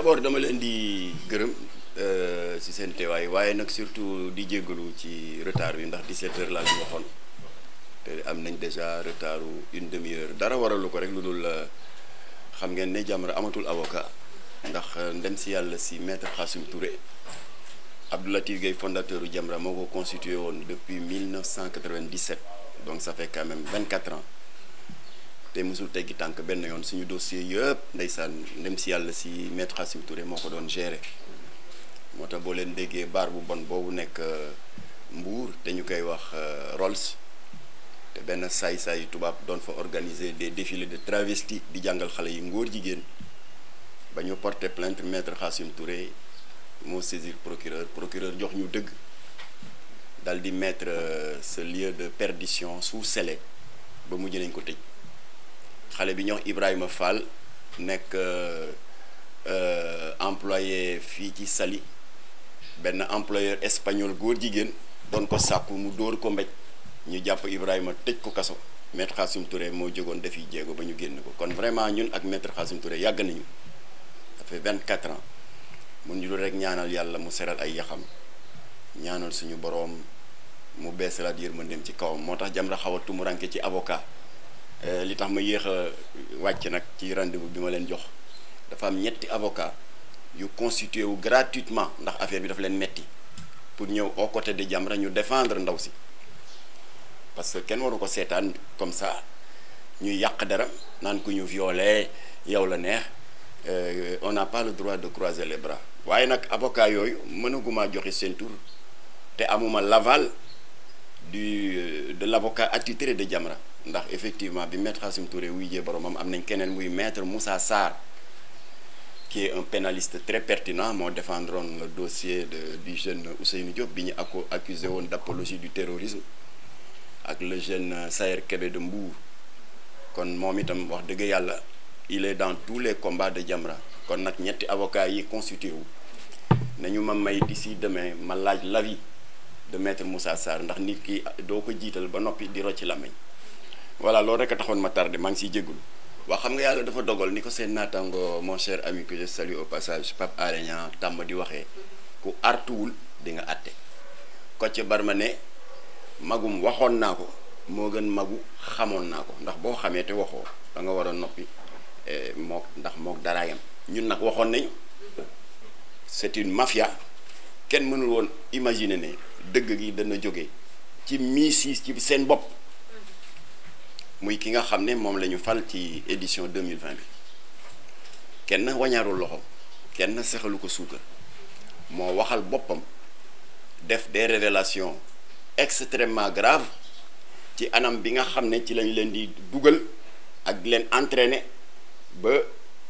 d'abord dama leen di gërëm si euh, seen teewaay waaye nag surtout di jéggalu ci retard bi ndax 17 heures laa ñu waxoon te am nañ déjà retard une demi-heure dara waralu ko rek lu dul euh, xam ngeen ne Jamra amatul avocat ndax euh, ndem si yàlla ci maître Khassoum Touré Abdou Latif Gueye fondateur u Jamra moo ko constitué woon depuis 1997 donc ça fait quand même 24 ans te mosul teggi tànk benn yoon suñu dossier yëpp ndeysaan ndem si yàlla si maître Hassim Touré moo ko doon gérer moo tax boo leen déggee baar bu bon boobu nekk euh, Mbour te ñu koy wax euh, Rolls te benn saay-saay tubaab doon fa organiser des défilés de travestis di jàngal xale yi ngóor jigéen ba ñu porté plainte maître Hassim Touré moo saisir procureur procureur jox ñu dëgg dal di mettre euh, ce lieu de perdition sous scellé ba mujj nañ ko tëj. xale bi ñox Ibrahima Fall nekk euh, euh, employé fii ci sali benn employeur espagnol góor jigéen doon ko sàkku mu dóor ko mbéj ñu jàpp Ibrahima tëj ko kaso maître Khassim Touré moo jógoon defi jéego ba ñu génn ko kon vraiment ñun ak maître Khassim Touré yàgg nañu ça fait 24 ans mun ñu dul rek ñaanal yàlla mu seral ay yaxam ñaanal suñu boroom mu beesalaat yërmandeem ci kawam moo tax Jamra xaw a tumuranke ci avocat Euh, li tax ma yéex a wàcc nag ci rendez bi ma leen jox dafa am ñetti avocat yu constitué wu gratuitement ndax affaire bi dafa leen metti pour ñëw au côté de Jamra ñu defendre ndaw si parce que kenn waru ko seetaan comme ça ñuy yàq dara naan ku ñu violé yow la neex euh, on n'a pas le droit de croiser les bras waaye nag avocat yooyu mënagumaa joxe seen tur te amuma l'aval du euh, de l'avocat attitré de Jamra ndax effectivement bi maître Assimi Touré jee boromam am nañ keneen muy maître Moussa saar qui un pénaliste très pertinent moo défendroon le dossier de jeune jeune Ousseynou Diop bi ñu ako accusé woon d'apologie du terrorisme ak le jeune Sayer Kébé de Mbour kon moom itam wax dëgg yàlla il est dans tous les combats de Jamra kon nag ñetti avocats yi constitué wu nañu ma may si demain ma laaj l'avis de maître Moussa Sarr ndax nit ki doo ko jiital ba noppi di rocci làmmiñ voilà loolu rek a taxoon ma tardé maa ngi siy jégalu. waaw xam nga yàlla dafa dogal ni ko seen naataango mon cher ami que je salue au passage Pape Alé Niang tàmm di waxee ku artuwul di nga àtte Kocc Barma ne magum waxoon naa ko moo gën magu xamoon naa ko ndax boo xamee te waxoo da nga war a noppi eh, mook ndax mook daraayam ñun nag waxoon nañu c'est une mafia kenn mënul woon imaginer ne dëgg gi dana jóge ci miis yi ci seen bopp muy ki nga xam ne moom la ñu fal ci édition 2020 bi kenn wañaarul loxo kenn sexalu ko suukar moo waxal boppam def des révélations extrêmement graves ci anam bi nga xam ne ci lañ leen di dugal ak leen entraîner ba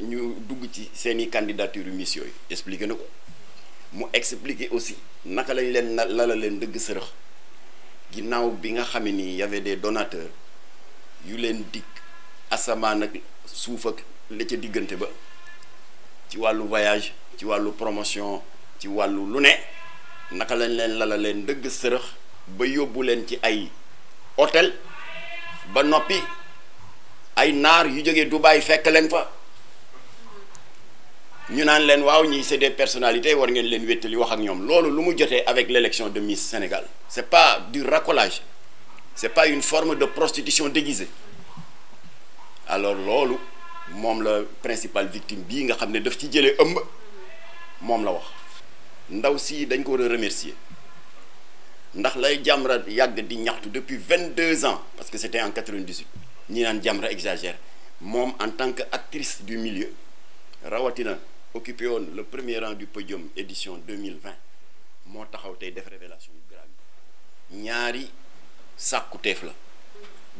ñu dugg ci seeni candidature mission yooyu expliqué na ko mu expliqué aussi naka lañ leen la la leen dëgg sërëx ginnaaw bi nga xam ne nii y avait des donateurs yu leen dig asamaan ak suuf ak la ca diggante ba ci wàllu voyage ci wàllu promotion ci wàllu lu ne naka lañ leen lala leen dëgg sërëx ba yóbbu leen ci ay hôtel ba noppi ay naar yu jógee Dubaï fekk leen fa ñu naan leen waaw ñi c'est des personnalités war ngeen leen wéttali wax ak ñoom loolu lu mu jotee avec l'élection de Miss Sénégal c'est pas du racolage c'est pas une forme de prostitution déguisée alors loolu moom la principale victime bii nga xam ne daf ci jëlee ëmb moom la wax ndaw si dañ ko war a remercier ndax lay Jamra yàgg di ñaxtu depuis vingt deux ans parce que c'était en 98 ñi naan Jamra exagère moom en tant que actrice du milieu rawatina occupé woon le premier rang du podium édition 2020 moo taxaw tey def révélation yu grave ñaari sàkku teef la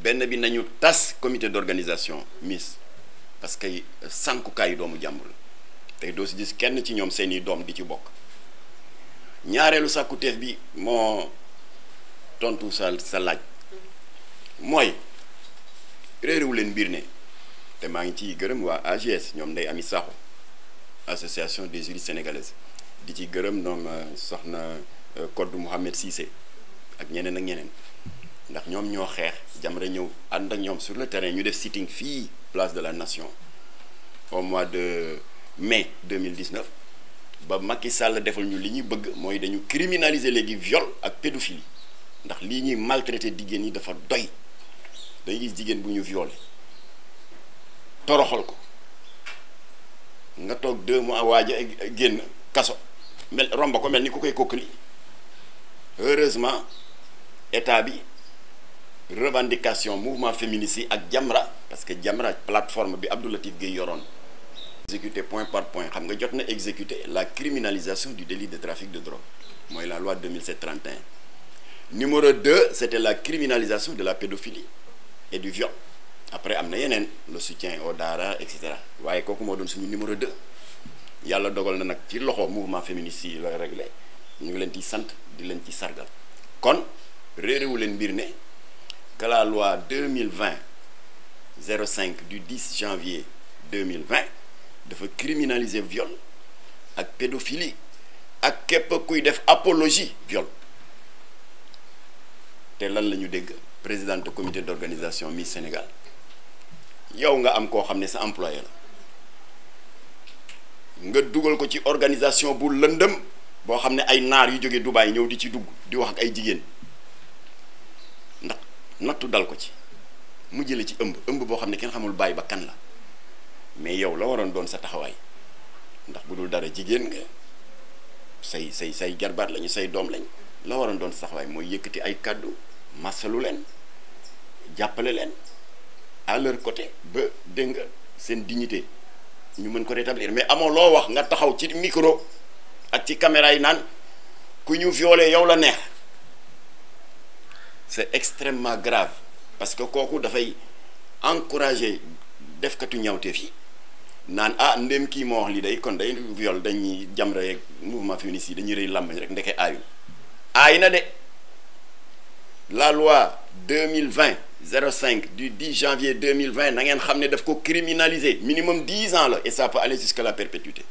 benn bi nañu tas comité d'organisation Miss parce que sànkukaayu doomu jàmbur la tey doo si kenn ci ñoom seeni doom di ci bokk ñaareelu sàkku teef bi moo tontu sa sa laaj mooy réeréwu leen mbir ne te maa ngi ciy gërëm waa AGS ñoom nday ami saxu association des juristes sénégalaises di ci gërëm ñoom euh, soxna Kodou euh, Mohamed Cissé ak ñeneen ak ñeneen ndax ñoom ñoo xeex Jamra ñëw ànd ak ñoom sur le terrain ñu def sitting fii place de la nation au mois de mai 2019 ba Macky Sall defal ñu li ñuy bëgg mooy dañu criminaliser léegi viol ak pédophilie ndax lii ñuy maltraité jigéen ñi dafa doy dañuy gis jigéen bu ñu violé toroxal ko nga toog deux mois waaj a génn kaso mel romba ko mel ni ku koy kokkali heureusement état bi revendication mouvement féministe yi ak Jamra parce que Jamra plateforme bi Abdou Latif Gueye yoroon exécuté point par point xam nga jot na exécuté la criminalisation du délit de trafic de drogue mooy la loi 2007 31 numéro 2 c'était la criminalisation de la pédophilie et du viol après am na yeneen le soutien au daara et cetera waaye kooku moo doon suñu numéro 2 yàlla dogal na nag ci loxo mouvement féministe yi la réglé ñu ngi leen ciy sant di leen ci sargal kon réeréwu leen mbir ne que la loi 2020 cinq du 10 janvier 2020 dafa criminaliser viol ak pédophilie ak képp kuy def apologie viol te lan la ñu dégg présidente comité d'organisation Miss Sénégal yow nga am koo xam ne sa employé la nga dugal ko ci organisation bu lëndëm boo xam ne ay naar yu jóge du Dubaay ñëw di ci dugg di wax ak ay jigéen nattu dal ko ci mu jële ci ëmb ëmb boo xam ne kenn xamul bàyyi ba kan la mais yow la waroon doon sa taxawaay ndax bu dul dara jigéen nga say say say jarbaat lañu say doom lañ la waroon doon sa taxawaay mooy yëkkati ay kàddu masalu leen jàppale leen à leur côté ba dégg nga seen dignité ñu mën ko rétablir mais amoo loo wax nga taxaw ci micro ak ci caméra yi naan ku ñu violé yow la neex c'est extrêmement grave parce que kooku dafay encourager defkatu ñawteef fii naan ah ndéem kii moo wax lii day kon day viol dañuy jam rek mouvement féministe yi dañuy rey làmbañ rek ndeke aayul aay na de la loi 2020 cinq du 10 janvier 2020 na ngeen xam ne daf ko criminaliser minimum 10 ans la et ça peut aller jusqu'à la perpétuité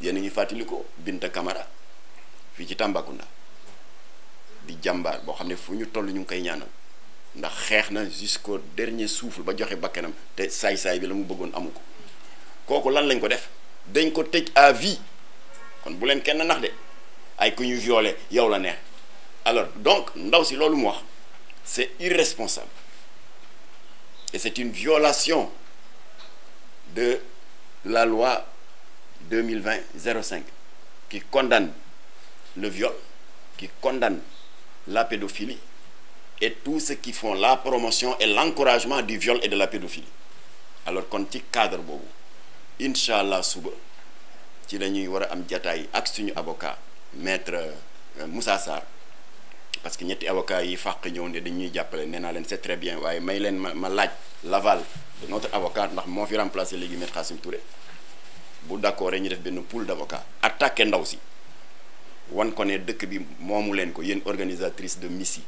yéen a ngi fàttali ko Binta kamara fii ci Tambacounda di jàmbaar boo xam ne fu ñu toll ñu ngi koy ñaanal ndax xeex na jusqu'au dernier souffle ba joxe bakkenam te saay-saay bi la mu bëggoon amu ko kooku lan lañ ko def dañ ko tëj à vie kon bu leen kenn nax de ay ku ñu violé yow la neex alors donc ndaw si loolu mu wax c'est irresponsable et c'est une violation de la loi 2020 cinq qui condamne le viol ki condamne la pédophilie et tout ce qui font la promotion et l'encouragement du viol et de la pédophilie alors kon ci cadre boobu incha allah suba ci la ñuy war a am jataay ak suñu avocat maitre euh, Moussa Sarr parce que ñetti avocat yi fàq ñëw ne dañuy jàppale nee naa leen c'est très bien waaye may leen ma ma laaj l'aval de notre avocat ndax moo fi remplacé léegi maître Khassim Touré bu d'accord ñu def benn pool d'avocats attaqué ndaw si wan ko ne dëkk bi moomu leen ko yéen organisatrice de Miss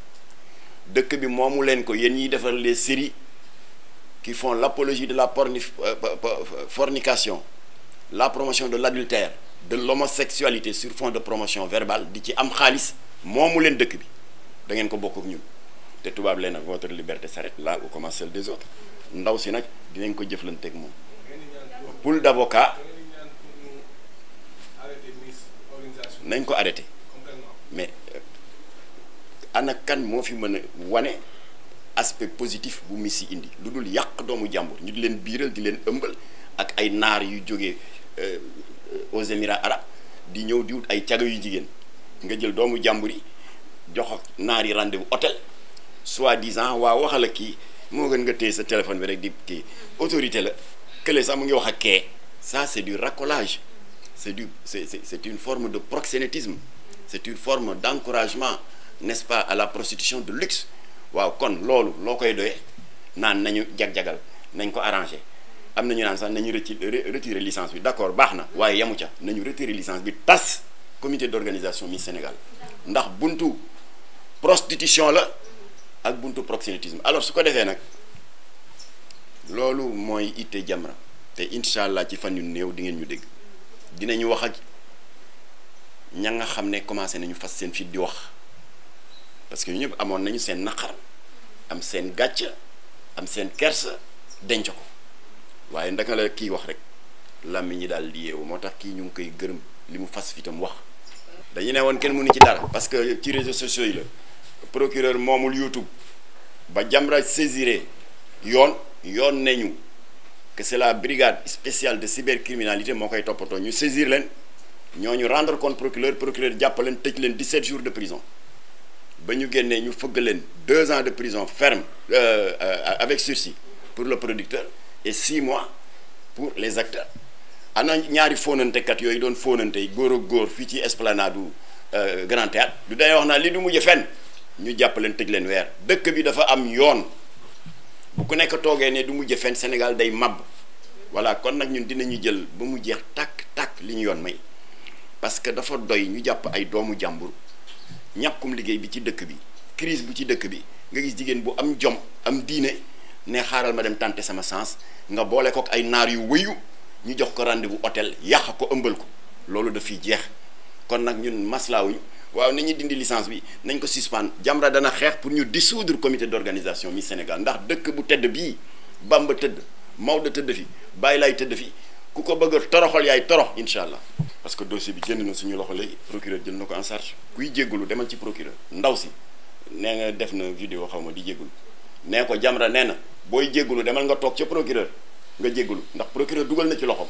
dëkk bi moomu leen ko yéen ñiy defar les séries qui font l'apologie de la euh, fornication la promotion de l'adultère de l'homosexualité sur fond de promotion verbale di ci am xaalis moomu leen dëkk bi da ngeen ko bokk ak ñun te tubaab leen nag votre liberté s'arrête là où commence celle des autres ndaw si nag dinañ ko jëflanteeg moom pool d'avocat nañ ko arrêté mais euh, ana kan moo fi mën a wane aspect positif bu Messi indi lu dul yàq doomu jàmbur ñu di leen biiral di leen ëmbal ak ay naar yu jógee euh, aux Émirats arabes di ñëw di wut ay caga yu jigéen nga jël doomu jàmbur yi jox ak naar yi rendez-vous hôtel soi-disant waa waxal ak kii moo gën nga téye sa téléphone bi rek di kii mm. autorité la kële sax mu ngi wax a kee ça c'est du racolage c'est du c'est une forme de proxénétisme c'est une forme d'encouragement n'est-ce pas à la prostitution de luxe waaw kon loolu loo koy doyee naan nañu jag-jagal nañ ko arrangé am nañu naan sax nañu retirer licence bi d'accord baax na waaye yamu ca nañu retirer licence bi tas comité d'organisation Miss Sénégal ndax buntu prostitution la ak buntu proxénétisme alors su ko defee nag loolu mooy itte Jamra te incha allah ci fan yu néew dingeen ñu dégg dinañu wax ak ña nga xam ne commencé nañu fas seen fit di wax parce que ñëpp amoon nañu seen naqar am seen gàcc am seen kersa denc ko waaye ndaka la kiy wax rek làmbi ñi daal di yeewu moo tax kii ñu ngi koy gërëm li mu fas fitam wax dañu ne woon kenn mënu ci dara parce que ci réseaux sociaux yi la procureur moomul YouTube ba Jamra saisiré yoon yoon nee ñu que c'est la brigade spéciale de cybercriminalité moo koy toppatoo ñu saisir leen ñoo ñu rendre compte procureur procureur jàpp leen tëj leen 17 jours de prison ba ñu génnee ñu fëgg leen 2 ans de prison ferme euh, euh, avec sursis pour le producteur et 6 mois pour les acteurs ana ñaari fóonantekat yooyu doon fóonante góor a góor fii ci esplanade u euh, Grand Théâtre du day wax naa li du mujj fenn ñu jàppaleen leen tëj leen weer dëkk bi dafa am yoon bu ku nekk toogee ne du mujj fenn Sénégal day màbb voilà kon nag ñun dinañu jël ba mu jeex tàkk tàkk li ñu yoon may parce que dafa doy ñu jàpp ay doomu jàmbur ñàkkum liggéey bi ci dëkk bi crise bu ci dëkk bi nga gis jigéen bu am jom am diine ne xaaral ma dem tenter sama sens nga boole ko ak ay naar yu wëyu ñu jox ko rendez bu hôtel yàq ko ëmbal ko loolu dafiy jeex kon nag ñun maslaawuñu waaw ni nañu dindi licence bi nañ ko suspendre jambra dana xeex pour ñu dissoudre comité d'organisation Miss Sénégal ndax dëkk bu tëdd bii Bamba tëdd Maodo tëdd fi bàyyi Laye tëdd fi ku ko bëgg a toroxal yaay torox incha allah parce que dossier bi génn na suñu loxo léegi procureur jël na ko en charge kuy jéggalu demal ci procureur ndaw si nee nga def na vidéo xaw ma di jéggalu nee ko Jamra nee na booy jéggalu demal nga toog ca procureur nga jéggalu ndax procureur dugal na ci loxoom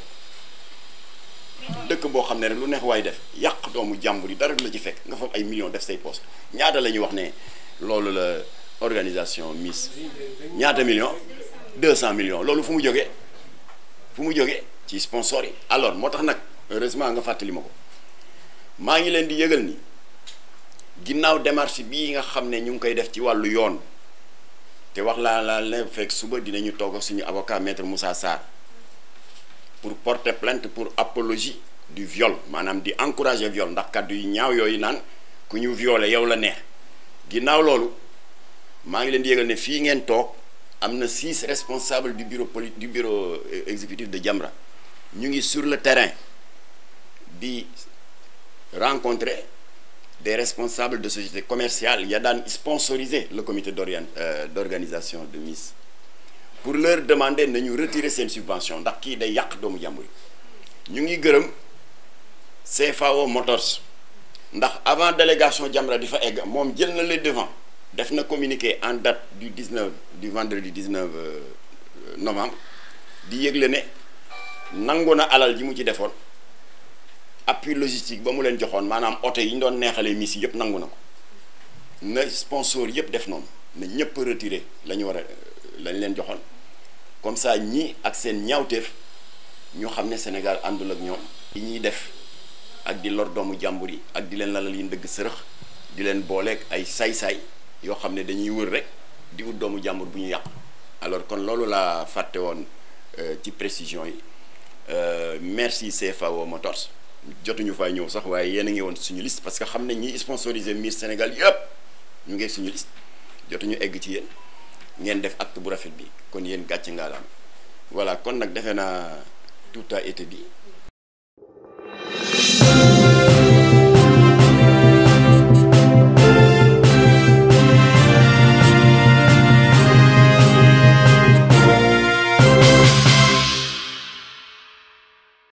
dëkk boo xam ne rek lu neex waay def yàq doomu jàmbur yi dara du la ci fekk nga foog ay millions def say poste ñaata la ñuy wax ne loolu la organisation Miss ñaata million millions 200 million loolu fu mu jógee fu mu jógee ci sponsor yi alors moo tax nag heureusement nga fàttali ma ko maa ngi leen di yëgal ni ginnaaw démarche bii nga xam ne ñu ngi koy def ci wàllu yoon te wax laa la la fekk suba dinañu toog ak suñu avocat maître Moussa Sarr pour porter plainte pour apologie du viol maanaam di encourager viol ndax kàddu yu ñaaw yooyu naan ku ñu violé yow la neex ginnaaw loolu maa ngi leen di yëgal ne fii ngeen toog am na six responsables du bureau poli du bureau euh, exécutif de Jamra ñu ngi sur le terrain di rencontrer des responsables de sociétés commerciales ya daan sponsoriser le comité euh, d'organisation de Miss pour leur demander nañu retire seen subvention ndax kii day yàq doomu jàmbur yi ñu ngi gërëm CFAO Motors ndax avant délégation Jamra di fa egg moom jël na les devants def na communiqué en date du 19 du vendredi 19 euh, novembre di yëgle ne nangu na alal ji mu ci defoon appui logistique ba mu leen joxoon maanaam oto yi ñu doon neexalee miss yëpp nangu na ko na sponsor yëpp def noonu na ñëpp retirer la ñu war euh, lañ leen joxoon comme saa ñii ak seen ñaawteef ñoo xam ne Sénégal àndul ak ñoom yi ñuy def ak di lor doomu jàmbur yi ak di leen lalal yi ndëgg sërëx di leen booleeg ay saay-saay yoo xam ne dañuy wër rek di wut doomu jàmbur bu ñu yàq alors kon loolu laa fàtte woon euh, ci précision yi euh, merci CFAO Motors ñu faa ñëw sax waaye yéen a ngi woon suñu liste parce que xam ne ñi sponsorisé Miss Sénégal yëpp ñu ngi suñu liste jotuñu egg ci yéen ngeen def acte bu rafet bi kon yéen gàcce ngaalaam voilà kon nag defe naa tout a été bi